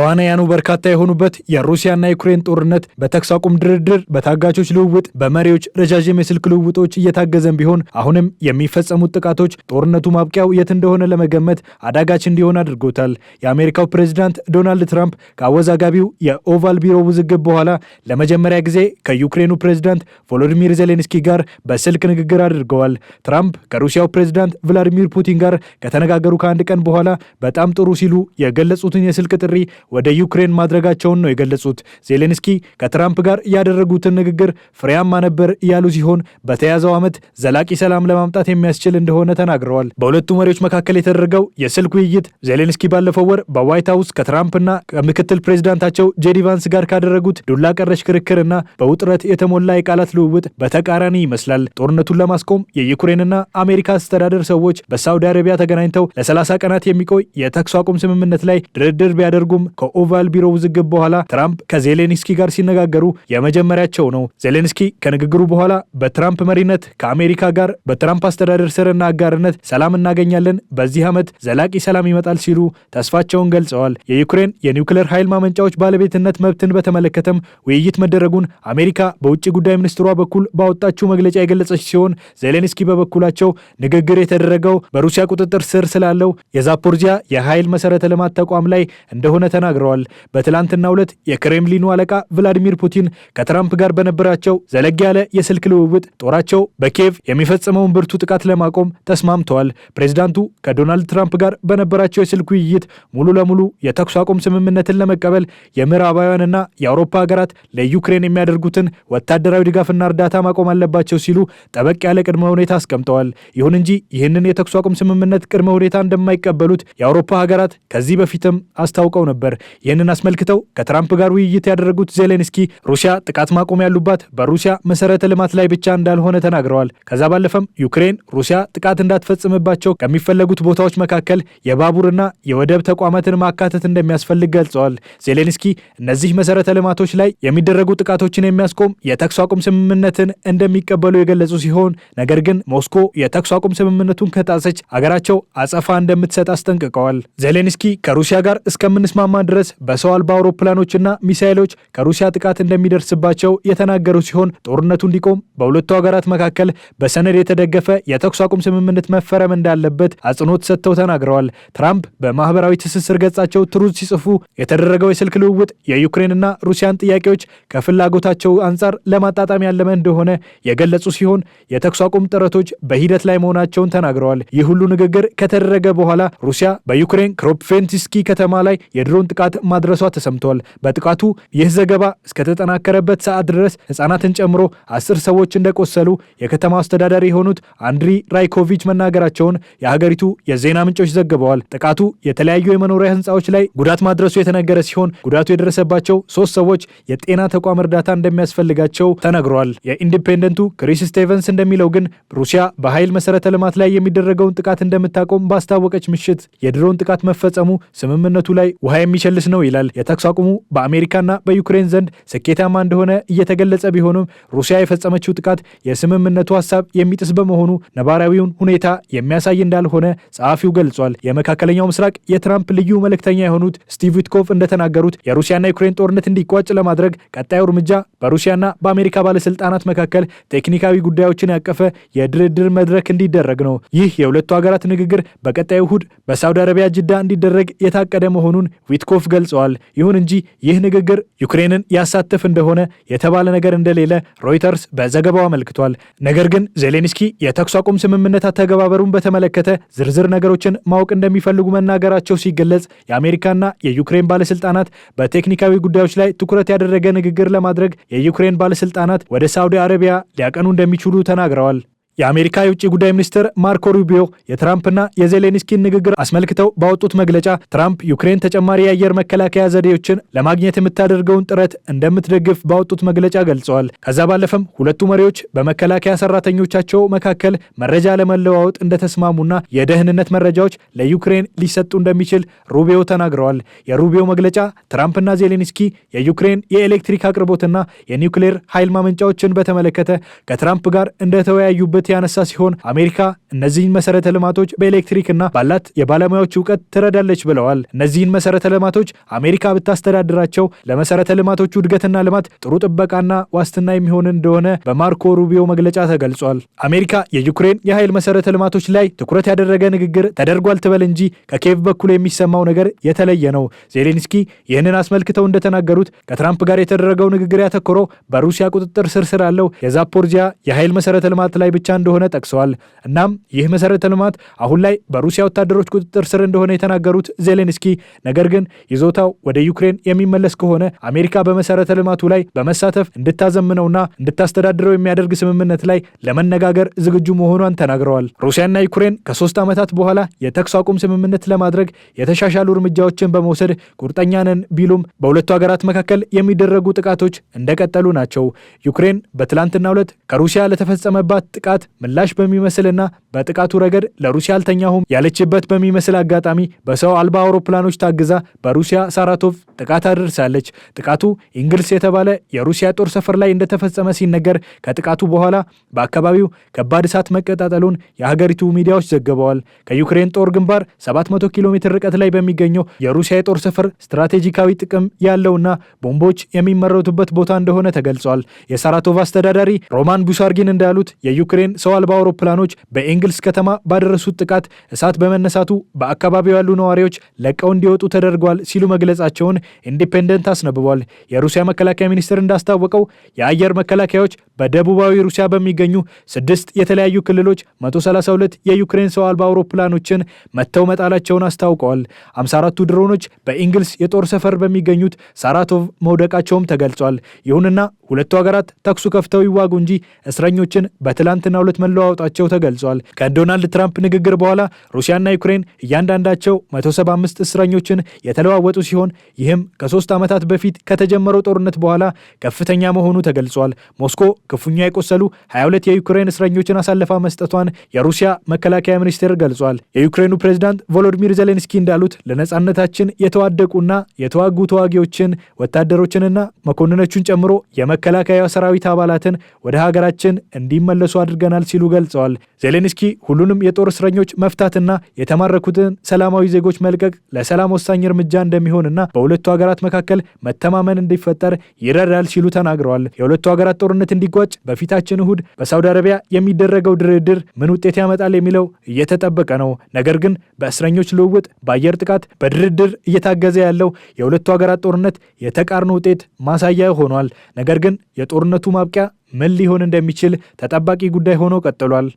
ተዋናያኑ በርካታ የሆኑበት የሩሲያና ዩክሬን ጦርነት በተኩስ አቁም ድርድር፣ በታጋቾች ልውውጥ፣ በመሪዎች ረዣዥም የስልክ ልውውጦች እየታገዘን ቢሆን አሁንም የሚፈጸሙት ጥቃቶች ጦርነቱ ማብቂያው የት እንደሆነ ለመገመት አዳጋች እንዲሆን አድርጎታል። የአሜሪካው ፕሬዚዳንት ዶናልድ ትራምፕ ከአወዛጋቢው የኦቫል ቢሮ ውዝግብ በኋላ ለመጀመሪያ ጊዜ ከዩክሬኑ ፕሬዚዳንት ቮሎዲሚር ዜሌንስኪ ጋር በስልክ ንግግር አድርገዋል። ትራምፕ ከሩሲያው ፕሬዚዳንት ቭላዲሚር ፑቲን ጋር ከተነጋገሩ ከአንድ ቀን በኋላ በጣም ጥሩ ሲሉ የገለጹትን የስልክ ጥሪ ወደ ዩክሬን ማድረጋቸውን ነው የገለጹት። ዜሌንስኪ ከትራምፕ ጋር ያደረጉትን ንግግር ፍሬያማ ነበር ያሉ ሲሆን በተያዘው ዓመት ዘላቂ ሰላም ለማምጣት የሚያስችል እንደሆነ ተናግረዋል። በሁለቱ መሪዎች መካከል የተደረገው የስልክ ውይይት ዜሌንስኪ ባለፈው ወር በዋይት ሀውስ ከትራምፕና ከምክትል ፕሬዚዳንታቸው ጄዲ ቫንስ ጋር ካደረጉት ዱላ ቀረሽ ክርክርና በውጥረት የተሞላ የቃላት ልውውጥ በተቃራኒ ይመስላል። ጦርነቱን ለማስቆም የዩክሬንና አሜሪካ አስተዳደር ሰዎች በሳውዲ አረቢያ ተገናኝተው ለ30 ቀናት የሚቆይ የተኩስ አቁም ስምምነት ላይ ድርድር ቢያደርጉም ከኦቫል ቢሮ ውዝግብ በኋላ ትራምፕ ከዜሌንስኪ ጋር ሲነጋገሩ የመጀመሪያቸው ነው። ዜሌንስኪ ከንግግሩ በኋላ በትራምፕ መሪነት ከአሜሪካ ጋር በትራምፕ አስተዳደር ስርና አጋርነት ሰላም እናገኛለን፣ በዚህ ዓመት ዘላቂ ሰላም ይመጣል ሲሉ ተስፋቸውን ገልጸዋል። የዩክሬን የኒውክሌር ኃይል ማመንጫዎች ባለቤትነት መብትን በተመለከተም ውይይት መደረጉን አሜሪካ በውጭ ጉዳይ ሚኒስትሯ በኩል ባወጣችው መግለጫ የገለጸች ሲሆን ዜሌንስኪ በበኩላቸው ንግግር የተደረገው በሩሲያ ቁጥጥር ስር ስላለው የዛፖርዚያ የኃይል መሰረተ ልማት ተቋም ላይ እንደሆነ ተናግረዋል። በትላንትናው ዕለት የክሬምሊኑ አለቃ ቭላዲሚር ፑቲን ከትራምፕ ጋር በነበራቸው ዘለግ ያለ የስልክ ልውውጥ ጦራቸው በኪየቭ የሚፈጸመውን ብርቱ ጥቃት ለማቆም ተስማምተዋል። ፕሬዚዳንቱ ከዶናልድ ትራምፕ ጋር በነበራቸው የስልክ ውይይት ሙሉ ለሙሉ የተኩስ አቁም ስምምነትን ለመቀበል የምዕራባውያንና የአውሮፓ ሀገራት ለዩክሬን የሚያደርጉትን ወታደራዊ ድጋፍና እርዳታ ማቆም አለባቸው ሲሉ ጠበቅ ያለ ቅድመ ሁኔታ አስቀምጠዋል። ይሁን እንጂ ይህንን የተኩስ አቁም ስምምነት ቅድመ ሁኔታ እንደማይቀበሉት የአውሮፓ ሀገራት ከዚህ በፊትም አስታውቀው ነበር። ነበር። ይህንን አስመልክተው ከትራምፕ ጋር ውይይት ያደረጉት ዜሌንስኪ ሩሲያ ጥቃት ማቆም ያሉባት በሩሲያ መሰረተ ልማት ላይ ብቻ እንዳልሆነ ተናግረዋል። ከዛ ባለፈም ዩክሬን ሩሲያ ጥቃት እንዳትፈጽምባቸው ከሚፈለጉት ቦታዎች መካከል የባቡርና የወደብ ተቋማትን ማካተት እንደሚያስፈልግ ገልጸዋል። ዜሌንስኪ እነዚህ መሰረተ ልማቶች ላይ የሚደረጉ ጥቃቶችን የሚያስቆም የተኩስ አቁም ስምምነትን እንደሚቀበሉ የገለጹ ሲሆን ነገር ግን ሞስኮ የተኩስ አቁም ስምምነቱን ከጣሰች አገራቸው አጸፋ እንደምትሰጥ አስጠንቅቀዋል። ዜሌንስኪ ከሩሲያ ጋር እስከምንስማማ ድረስ በሰው አልባ አውሮፕላኖችና ሚሳይሎች ከሩሲያ ጥቃት እንደሚደርስባቸው የተናገሩ ሲሆን ጦርነቱ እንዲቆም በሁለቱ ሀገራት መካከል በሰነድ የተደገፈ የተኩስ አቁም ስምምነት መፈረም እንዳለበት አጽንኦት ሰጥተው ተናግረዋል። ትራምፕ በማህበራዊ ትስስር ገጻቸው ትሩዝ ሲጽፉ የተደረገው የስልክ ልውውጥ የዩክሬንና ሩሲያን ጥያቄዎች ከፍላጎታቸው አንጻር ለማጣጣም ያለመ እንደሆነ የገለጹ ሲሆን የተኩስ አቁም ጥረቶች በሂደት ላይ መሆናቸውን ተናግረዋል። ይህ ሁሉ ንግግር ከተደረገ በኋላ ሩሲያ በዩክሬን ክሮፕቬንቲስኪ ከተማ ላይ የድሮን ጥቃት ማድረሷ ተሰምቷል። በጥቃቱ ይህ ዘገባ እስከተጠናከረበት ሰዓት ድረስ ህጻናትን ጨምሮ አስር ሰዎች እንደቆሰሉ የከተማው አስተዳዳሪ የሆኑት አንድሪ ራይኮቪች መናገራቸውን የሀገሪቱ የዜና ምንጮች ዘግበዋል። ጥቃቱ የተለያዩ የመኖሪያ ህንፃዎች ላይ ጉዳት ማድረሱ የተነገረ ሲሆን ጉዳቱ የደረሰባቸው ሶስት ሰዎች የጤና ተቋም እርዳታ እንደሚያስፈልጋቸው ተነግሯል። የኢንዲፔንደንቱ ክሪስ ስቴቨንስ እንደሚለው ግን ሩሲያ በኃይል መሰረተ ልማት ላይ የሚደረገውን ጥቃት እንደምታቆም ባስታወቀች ምሽት የድሮን ጥቃት መፈጸሙ ስምምነቱ ላይ ውሃ የሚ የሚቸልስ ነው ይላል። የተኩስ አቁሙ በአሜሪካና በዩክሬን ዘንድ ስኬታማ እንደሆነ እየተገለጸ ቢሆንም ሩሲያ የፈጸመችው ጥቃት የስምምነቱ ሀሳብ የሚጥስ በመሆኑ ነባራዊውን ሁኔታ የሚያሳይ እንዳልሆነ ጸሐፊው ገልጿል። የመካከለኛው ምስራቅ የትራምፕ ልዩ መልእክተኛ የሆኑት ስቲቭ ዊትኮቭ እንደተናገሩት የሩሲያና ዩክሬን ጦርነት እንዲቋጭ ለማድረግ ቀጣዩ እርምጃ በሩሲያና በአሜሪካ ባለስልጣናት መካከል ቴክኒካዊ ጉዳዮችን ያቀፈ የድርድር መድረክ እንዲደረግ ነው። ይህ የሁለቱ ሀገራት ንግግር በቀጣዩ እሁድ በሳውዲ አረቢያ ጅዳ እንዲደረግ የታቀደ መሆኑን ዊትኮ ፔስኮቭ ገልጸዋል። ይሁን እንጂ ይህ ንግግር ዩክሬንን ያሳተፍ እንደሆነ የተባለ ነገር እንደሌለ ሮይተርስ በዘገባው አመልክቷል። ነገር ግን ዜሌንስኪ የተኩስ አቁም ስምምነት አተገባበሩን በተመለከተ ዝርዝር ነገሮችን ማወቅ እንደሚፈልጉ መናገራቸው ሲገለጽ የአሜሪካና የዩክሬን ባለስልጣናት በቴክኒካዊ ጉዳዮች ላይ ትኩረት ያደረገ ንግግር ለማድረግ የዩክሬን ባለስልጣናት ወደ ሳዑዲ አረቢያ ሊያቀኑ እንደሚችሉ ተናግረዋል። የአሜሪካ የውጭ ጉዳይ ሚኒስትር ማርኮ ሩቢዮ የትራምፕና የዜሌንስኪን ንግግር አስመልክተው ባወጡት መግለጫ ትራምፕ ዩክሬን ተጨማሪ የአየር መከላከያ ዘዴዎችን ለማግኘት የምታደርገውን ጥረት እንደምትደግፍ ባወጡት መግለጫ ገልጸዋል። ከዛ ባለፈም ሁለቱ መሪዎች በመከላከያ ሰራተኞቻቸው መካከል መረጃ ለመለዋወጥ እንደተስማሙና የደህንነት መረጃዎች ለዩክሬን ሊሰጡ እንደሚችል ሩቢዮ ተናግረዋል። የሩቢዮ መግለጫ ትራምፕና ዜሌንስኪ የዩክሬን የኤሌክትሪክ አቅርቦትና የኒውክሌር ኃይል ማመንጫዎችን በተመለከተ ከትራምፕ ጋር እንደተወያዩበት ያነሳ ሲሆን አሜሪካ እነዚህን መሰረተ ልማቶች በኤሌክትሪክና ባላት የባለሙያዎች እውቀት ትረዳለች ብለዋል። እነዚህን መሰረተ ልማቶች አሜሪካ ብታስተዳድራቸው ለመሰረተ ልማቶቹ እድገትና ልማት ጥሩ ጥበቃና ዋስትና የሚሆን እንደሆነ በማርኮ ሩቢዮ መግለጫ ተገልጿል። አሜሪካ የዩክሬን የኃይል መሰረተ ልማቶች ላይ ትኩረት ያደረገ ንግግር ተደርጓል ትበል እንጂ ከኬቭ በኩል የሚሰማው ነገር የተለየ ነው። ዜሌንስኪ ይህንን አስመልክተው እንደተናገሩት ከትራምፕ ጋር የተደረገው ንግግር ያተኮረው በሩሲያ ቁጥጥር ስር ስላለው የዛፖርዚያ የኃይል መሰረተ ልማት ላይ ብቻ እንደሆነ ጠቅሰዋል። እናም ይህ መሰረተ ልማት አሁን ላይ በሩሲያ ወታደሮች ቁጥጥር ስር እንደሆነ የተናገሩት ዜሌንስኪ ነገር ግን ይዞታው ወደ ዩክሬን የሚመለስ ከሆነ አሜሪካ በመሰረተ ልማቱ ላይ በመሳተፍ እንድታዘምነውና እንድታስተዳድረው የሚያደርግ ስምምነት ላይ ለመነጋገር ዝግጁ መሆኗን ተናግረዋል። ሩሲያና ዩክሬን ከሶስት ዓመታት በኋላ የተኩስ አቁም ስምምነት ለማድረግ የተሻሻሉ እርምጃዎችን በመውሰድ ቁርጠኛ ነን ቢሉም በሁለቱ ሀገራት መካከል የሚደረጉ ጥቃቶች እንደቀጠሉ ናቸው። ዩክሬን በትላንትናው ዕለት ከሩሲያ ለተፈጸመባት ጥቃት ምላሽ በሚመስልና በጥቃቱ ረገድ ለሩሲያ አልተኛሁም ያለችበት በሚመስል አጋጣሚ በሰው አልባ አውሮፕላኖች ታግዛ በሩሲያ ሳራቶቭ ጥቃት አድርሳለች። ጥቃቱ ኢንግልስ የተባለ የሩሲያ ጦር ሰፈር ላይ እንደተፈጸመ ሲነገር ከጥቃቱ በኋላ በአካባቢው ከባድ እሳት መቀጣጠሉን የሀገሪቱ ሚዲያዎች ዘግበዋል። ከዩክሬን ጦር ግንባር 700 ኪሎ ሜትር ርቀት ላይ በሚገኘው የሩሲያ የጦር ሰፈር ስትራቴጂካዊ ጥቅም ያለውና ቦምቦች የሚመረቱበት ቦታ እንደሆነ ተገልጿል። የሳራቶቭ አስተዳዳሪ ሮማን ቡሳርጊን እንዳሉት የዩክሬን ሰው አልባ አውሮፕላኖች በኢንግ በእንግልስ ከተማ ባደረሱት ጥቃት እሳት በመነሳቱ በአካባቢው ያሉ ነዋሪዎች ለቀው እንዲወጡ ተደርጓል ሲሉ መግለጻቸውን ኢንዲፔንደንት አስነብቧል። የሩሲያ መከላከያ ሚኒስቴር እንዳስታወቀው የአየር መከላከያዎች በደቡባዊ ሩሲያ በሚገኙ ስድስት የተለያዩ ክልሎች 132 የዩክሬን ሰው አልባ አውሮፕላኖችን መጥተው መጣላቸውን አስታውቀዋል። 54ቱ ድሮኖች በእንግልስ የጦር ሰፈር በሚገኙት ሳራቶቭ መውደቃቸውም ተገልጿል። ይሁንና ሁለቱ ሀገራት ተኩሱ ከፍተው ይዋጉ እንጂ እስረኞችን በትላንትናው ዕለት መለዋወጣቸው ተገልጿል። ከዶናልድ ትራምፕ ንግግር በኋላ ሩሲያና ዩክሬን እያንዳንዳቸው 175 እስረኞችን የተለዋወጡ ሲሆን ይህም ከሶስት ዓመታት በፊት ከተጀመረው ጦርነት በኋላ ከፍተኛ መሆኑ ተገልጿል። ሞስኮ ክፉኛ የቆሰሉ 22 የዩክሬን እስረኞችን አሳልፋ መስጠቷን የሩሲያ መከላከያ ሚኒስቴር ገልጿል። የዩክሬኑ ፕሬዝዳንት ቮሎዲሚር ዜሌንስኪ እንዳሉት ለነጻነታችን የተዋደቁና የተዋጉ ተዋጊዎችን ወታደሮችንና መኮንኖቹን ጨምሮ የመከላከያ ሰራዊት አባላትን ወደ ሀገራችን እንዲመለሱ አድርገናል ሲሉ ገልጸዋል። ዜሌንስኪ ሁሉንም የጦር እስረኞች መፍታትና የተማረኩትን ሰላማዊ ዜጎች መልቀቅ ለሰላም ወሳኝ እርምጃ እንደሚሆንና በሁለቱ ሀገራት መካከል መተማመን እንዲፈጠር ይረዳል ሲሉ ተናግረዋል። የሁለቱ ሀገራት ጦርነት እንዲጓ እንዲቋጭ በፊታችን እሁድ በሳውዲ አረቢያ የሚደረገው ድርድር ምን ውጤት ያመጣል የሚለው እየተጠበቀ ነው። ነገር ግን በእስረኞች ልውውጥ፣ በአየር ጥቃት፣ በድርድር እየታገዘ ያለው የሁለቱ ሀገራት ጦርነት የተቃርኖ ውጤት ማሳያ ሆኗል። ነገር ግን የጦርነቱ ማብቂያ ምን ሊሆን እንደሚችል ተጠባቂ ጉዳይ ሆኖ ቀጥሏል።